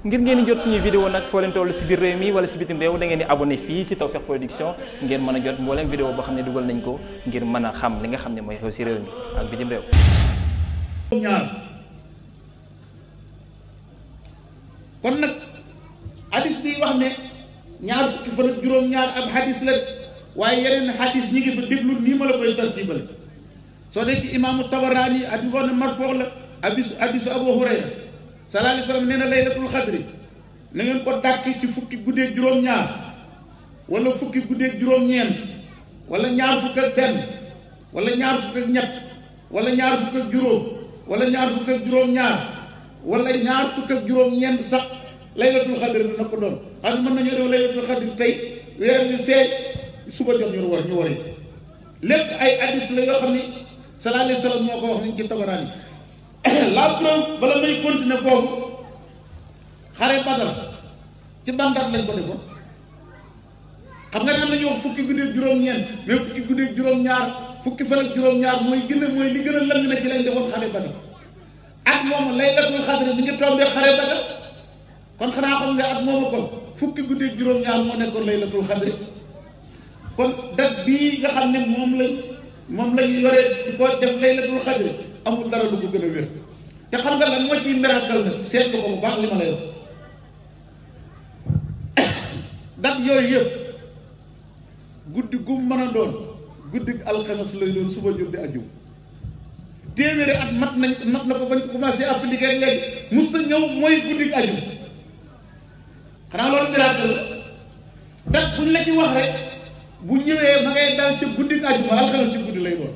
ngir ngeen di jot suñuy vidéo nag foo leen toll si biir réew mi wala si bitim réew da ngeen di abonné fii si Tawfekh Production ngeen mën a jot mbooleem vidéo boo xam ne dugal nañ ko ngir mën a xam li nga xam ne mooy xew si réew mi ak bitim réew ñaar kon nag hadis bi wax ne ñaar fukki fan ak juróom-ñaar ab hadis la waaye yeneen ma la koy tartibale soo dee Abu Hurayra sallallahu alayhi wa sallam nee na laylatul xadri na ko dàkk ci fukki guddeeg juróom-ñaar wala fukki guddeeg juróom-ñeent wala ñaar fukk ak benn wala ñaar fukk ak ñett wala ñaar fukk ak juróom wala ñaar fukk ñaar wala fukk ak juróom-ñeent sax laylatul xadri dina ko doon xam mën nañoo def laylatul xadri tey weer wi feeñ suba jot ñu war ñu war lépp ay addis la yoo xam ni sallallahu alayhi wa sallam moo ko wax ni ci tabaraan yi la preuve bala may continuer foofu xare Badar ci ban date lañ ko defoon xam nga tam lañuy wax fukki guddeeg juróom ñeen mais fukki guddeeg juróom-ñaar fukki fan ak juróom-ñaar mooy gën a mooy gën a lëng na ci lañ defoon xare Badar at moomu laylatul xadri bi kon xanaa xam nga fukki guddeeg juróom-ñaar moo nekkoon laylatul xadri kon date bii nga xam ne moom lañ moom lañ yore di ko def laylatul amul dara lu ko gën a wér te xam nga lan moo ciy merakkal nag seetlu ko bu baax li ma lay wax dat yooyu yëpp guddi gum mën a doon guddi alxames lay doon suba jot di ajum téeméeri at mat nañ mat na ko bañ ko commencé appliquer ak léegi mus na ñëw mooy guddi ajum xanaa loolu miracle la dat buñ la ci wax rek bu ñëwee ma ngay dal ci guddi ajuma alxames ci guddi lay doon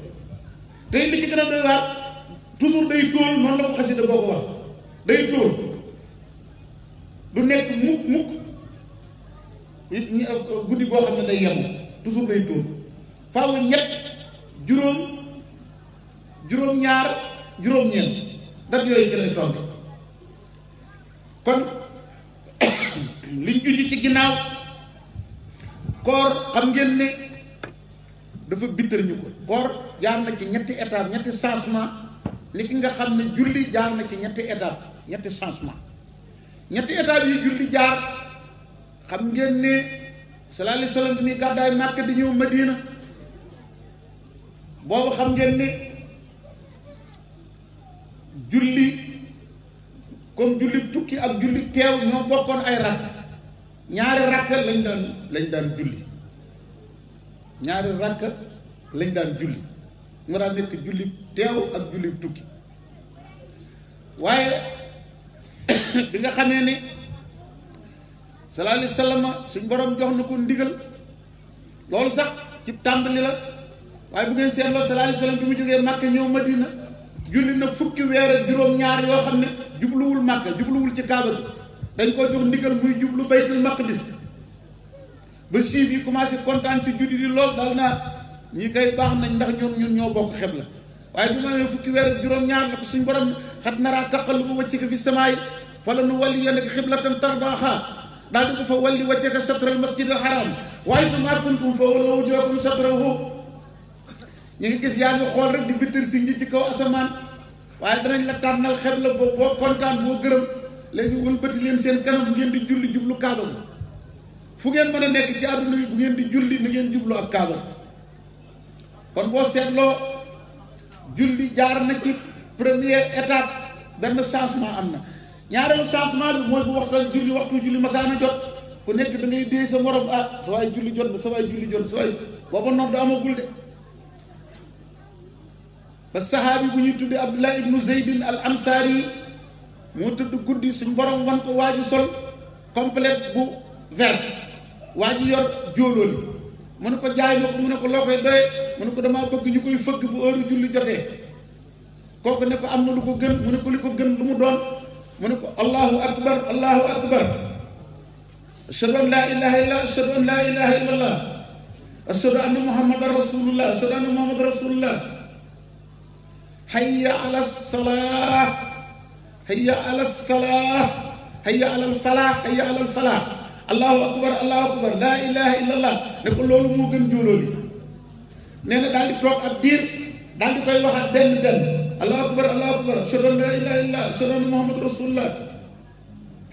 tey li ci gën a doy toujours day tóol noonu la ko xasida boobu wax day tóol du nekk mukk mukk guddi boo xam ne day yem toujours day tóol faaw ñett juróom juróom-ñaar juróom-ñeent dat yooyu ci lay tontu kon liñ junj ci ginnaaw koor xam ngeen ne dafa bittar ñu ko koor jaar na ci ñetti étape ñetti changement li ki nga xam ne julli jaar na ci ñetti étape ñetti changement ñetti étape yi julli jaar xam ngeen ne sallallahu alayhi wasallam bi muy gàddaay Màkka di ñëw Madina boobu xam ngeen ne julli comme julli tukki ak julli teew ñoo bokkoon ay rakk ñaari rakk lañ daan lañ daan julli ñaari rakk lañ daan julli moo daan nekk jullit teew ak jullit tukki waaye bi nga xamee ne sallallahu alayhi wa sallam suñ borom jox na ko ndigal loolu sax ci tàmbali la waaye bu ngeen seetloo sallallahu alayhi wa bi mu jógee Màkka ñëw Madina julli na fukki weer ak juróom-ñaar yoo xam ne jubluwul Màkka jubluwul ci Kaaba bi dañ koo jox ndigal muy jublu baytul maqdis ba siif yi commencé kontaan ci julli di lool daal naa ñii kay baax nañ ndax ñoom ñun ñoo bokk xeb la waaye bi ma fukki weer ak juróom-ñaar la ko suñ borom xat naraa taqallubu wajhika fi samaay fa la nu walliyannaka xiblatan tardaahaa daal di ko fa walli wajhaka shatral masjidil haram waaye su maa kuntum fa wallu wujuuhakum shatrahu ñu ngi gis yaa ngi xool rek di bitir si ñi ci kaw asamaan waaye danañ la tànnal xeb la boo boo kontaan boo gërëm léegi wëlbati leen seen kanam ngeen di julli jublu kaaba fu ngeen mën a nekk ci àdduna bi bu ngeen di julli na ngeen jublu ak kaaba kon boo seetloo julli jaar na ci première étape benn changement am na ñaareelu changement bi mooy bu waxtaan julli waxtu julli jot ku nekk da ngay dee sa morom ah sa waay julli jot na sa waay julli jot na sa waay booba de ba saxaabi bu ñuy tuddee Abdullah ibnu Zeydin al Ansaari moo tudd guddi suñ borom wan ko waaju sol complète bu vert waaju yor jóolóol mu ne ko jaay ma ko mu ne ko loo koy doyee mu ne ko damaa bëgg ñu koy fëgg bu heure julli jotee kooku ne ko am na lu ko gën mu ne ko li ko doon mu ne ko akbar allahu akbar allah ala salah hayya ala akbar allahu akbar laa ilaha illa allah loolu moo gën jóolóoli nee na daal di toog ab diir daal di koy waxaat benn benn allahu akbar allahu akbar ashhadu an la ilaha illallah ashhadu anna muhammad rasulullah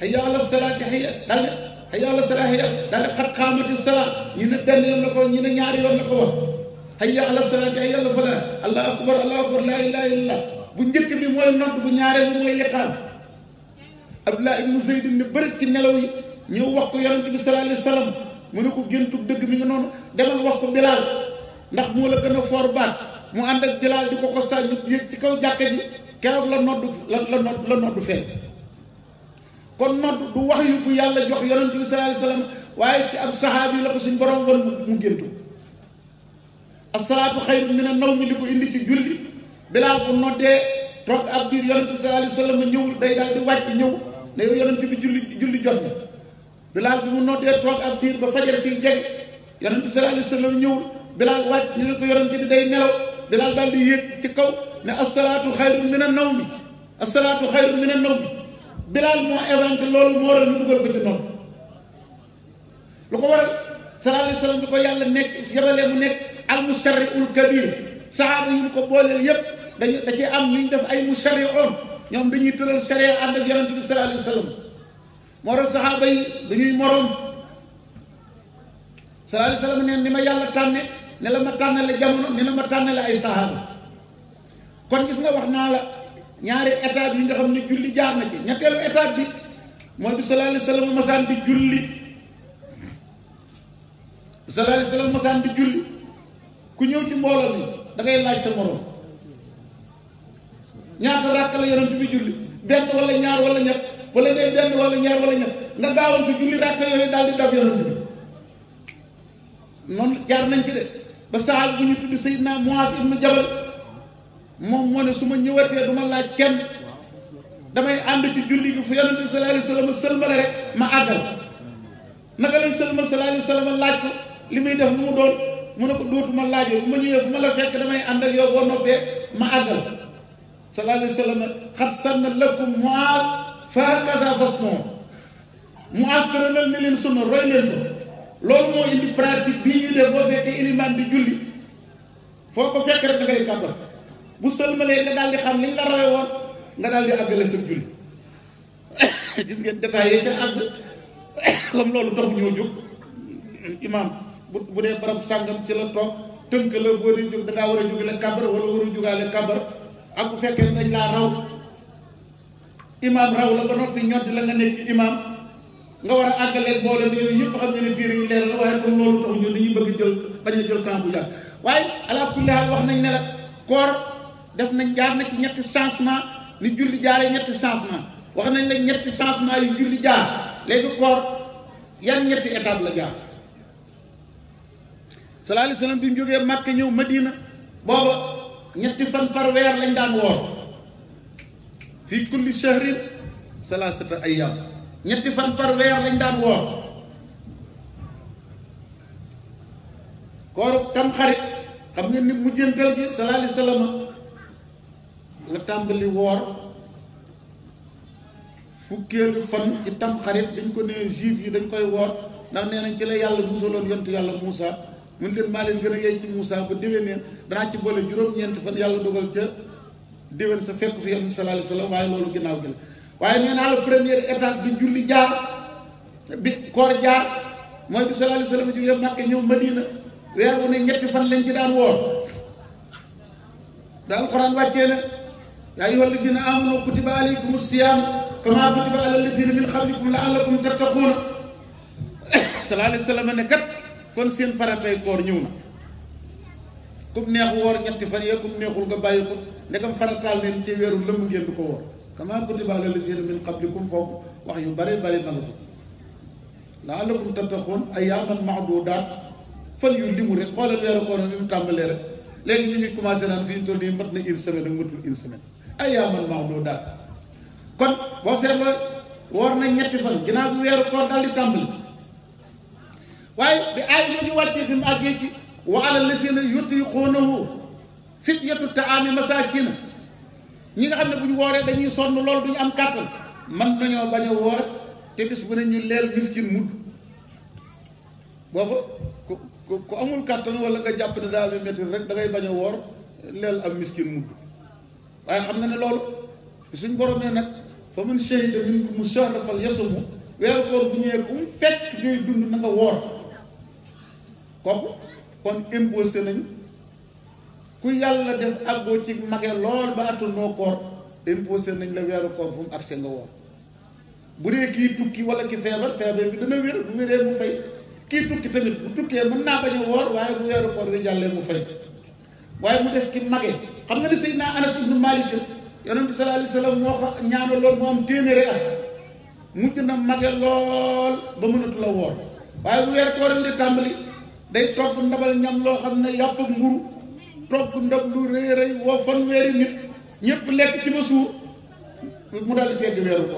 hayya ala salaati hayya daal di hayya ala salaati hayya daal di xat xaamati salaat ñi ne benn yoon la ko ne ñaari yoon la ko wax hayya ala salaati hayya ala falaah allahu akbar allahu akbar la ilaha illallah bu njëkk bi mooy nodd bu ñaareel bi mooy liqaam abdullah ibnu zeyd ne bëri ci nelaw yi ñëw wax ko yonent bi sallallahu alayhi wa sallam mu ne ko géntug dëgg mi ngi noonu demal wax ko bilaal ndax moo la gën a foor baat mu ànd ak jëlaal di ko ko sànni yëg ci kaw jàkka ji keroog la noddu la la nodd la noddu feeñ kon nodd du wax yu bu yàlla jox yonent bi sallallahu alayhi wasallam waaye ci ab saxaabi la ko suñ borom woon mu géntu asalaatu xayru mina nawmi li ko indi ci julli biir yonent bi sallallahu alayhi wasallam ñëwul day daal di wàcc ñëw ne yow yonent bi julli julli jot na bilaa mu noddee toog ab biir ba fajar si jeg yonent bi sallallahu alayhi wasallam ñëwul bilaal wàcc ñu ne ko yonent bi day nelaw bilaal daal di yéeg ci kaw ne asalaatu xayru min an nawmi asalaatu xayru min an nawmi bilaal moo inventé loolu moo waral ñu dugal ko ci noonu lu ko waral sallallahu alayhi wa sallam nekk yabalee mu nekk al musarri ul kabir saxaaba yi ñu ko booleel yépp dañu da ci am ñu def ay musarri on ñoom dañuy tëral sharia ànd ak yonent bi sallallahu alayhi wa sallam moo tax saxaaba yi dañuy moroom sallallahu alayhi wa sallam neen ni ma yàlla tànne ne ma tànnale jamono ne la ma tànnale ay sahaaba kon gis nga wax naa la ñaari étape yi nga xam ne julli jaar na ci ñetteelu étape bi mooy bi sallallahu alayhi wasallam masaan bi sallallahu alayhi wasallam masaan julli ku ñëw ci mbooloo mi da ngay laaj sa morom ñaata ràkk la yonent bi julli benn wala ñaar wala ñett wala day benn wala ñaar wala ñett nga gaawantu julli ràkk yooyu daal di dab yonent bi noonu jaar nañ ci de ba saxaaba bu ñu tudd Seydina Muaz ibnu Jabal moom moo ne su ma ñëwatee du laaj kenn damay ànd ci julli gi fu yonente bi sallallahu alayhi wasallam sëlmale ma laaj li may def lu mu doon mu ne ko dootuma laajoo bu ma ñëwee fu ma la fekk damay ànd ak yow boo noppee ma àggal sallallahu alayhi wasallam xat sanna lakum Muaz fa hakaza fasnoo Muaz tëralal ni leen sunna roy leen ko loolu moo indi pratique bii ñu def boo fekkee ilimaan di julli foo ko fekk rek da bu sëlmalee nga daal di xam liñ la rawe woon nga daal di àggale sa julli gis ngeen détails yi ca àgg comme loolu tax ñoo jóg imaam bu bu dee barab sàngam ci la toog tënk la boo di jóg da ngaa war a jógale kàbbar wala war a jógaale kàbbar ak bu fekkee dañ laa raw imaam raw la ba noppi ñoddi la nga nekk imaam nga war a àggaleel boole ni yooyu yëpp xam nga ne téere yi leer la waaye comme loolu tax ñun dañuy bëgg jël bañ a jël temps bu jàll waaye ala kulli haal wax nañ ne la koor def nañ jaar na ci ñetti changement ni julli jaaree ñetti changement wax nañ la ñetti changement yu julli jaar léegi koor yan ñetti étape la jaar sallallahu alayhi wasallam bi mu jógee Màkka ñëw Madina booba ñetti fan par weer lañ daan woor fii kulli shahrin salaasata ayyam ñetti fan par weer lañ daan woor kooru tam xarit xam ngeen ni mujjantal gi sallallahu alayhi wa sallam la tàmbali woor fukkeelu fan ci tam xarit dañ ko nee juif yi dañ koy woor ndax nee nañ ci la yàlla musaloon yontu yàlla Moussa mun leen maa leen gën a yey ci Moussa ba déwénee danaa ci boole juróom-ñeenti fan yàlla dogal ca déwén sa fekk fi yontu sallallahu alayhi wa waaye loolu ginnaaw gi la waaye nee naa la première étape bi julli jaar bi koor jaar mooy bi sallallahu alayhi wa sallam jógee Màkka ñëw Madina weer wu ne ñetti fan lañ ci daan woor daal Alxuraan wàccee na yaa ayyuha allazina amanu kutiba alaykum siyaam kama kutiba ala allazina min qablikum laallakum tattaquun sallallahu alayhi wa sallam ne kat kon seen faratay koor ñëw na kum neex woor ñetti fan yee kum neexul nga bàyyi ko ndegam farataal leen ci weeru lëmm ngeen du ko woor kamaa kutiba alal laziina min qablikum foofu wax yu bare bare na nga fa la'allakum tattaquun ayyaaman ma'duudaat fan yu limu rek xoolal weeru koor bi mu tàmbalee rek léegi ñu ngi commencé naan fi ñu toll nii mat na une semaine ak matul une semaine ayyaaman ma'duudaat kon boo seetloo woor na ñetti fan ginnaaw bi weeru koor daal di tàmbali waaye bi aay jooju wàccee bi mu àggee ci wa alal laziina yutiiqoonahu fidyatun ta'aamu masaakiin ñi nga xam ne bu ñu wooree dañuy sonn loolu duñu am kàttan man nañoo bañ a woor te bis bu ne ñu leel miskin mudd booba ku ku amul kàttan wala nga jàpp ne daal di métti rek da ngay bañ a woor leel am miskin mudd waaye xam na ne loolu suñ borom ne nag fa man shahida minkumu shahra falyasumhu weeru koor bu ñëwee bu mu fekk ñuy dund na nga woor kooku kon imposé nañu. ku yàlla def àggoo ci mage lool ba attanoo koor imposé nañ la weeru koor fu agse nga woor bu dee kii tukki wala ki feebar feebar bi dana wér bu wéree mu fay kii tukki tamit bu tukkee mën naa a woor waaye bu weeru koor bi jàllee mu fay waaye mu des ki mage xam nga ne Seydina Anas ibnu Maalik yonent bi sallallahu alayhi wa sallam moo ko ñaanal lool mu am téeméeri at mujj na mage woor waaye bu weeru koor bi di tàmbali day togg ndabal ñam loo xam ne yàpp ak togg ndab lu rëy rëy woo fanweeri nit ñëpp lekk ci ba suur mu daal di tegg weeru ko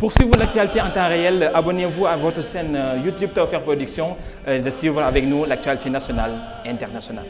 Pour suivre l'actualité en temps réel, abonnez-vous à votre chaîne euh, YouTube Tawfekh Production euh, de suivre avec nous l'actualité nationale internationale.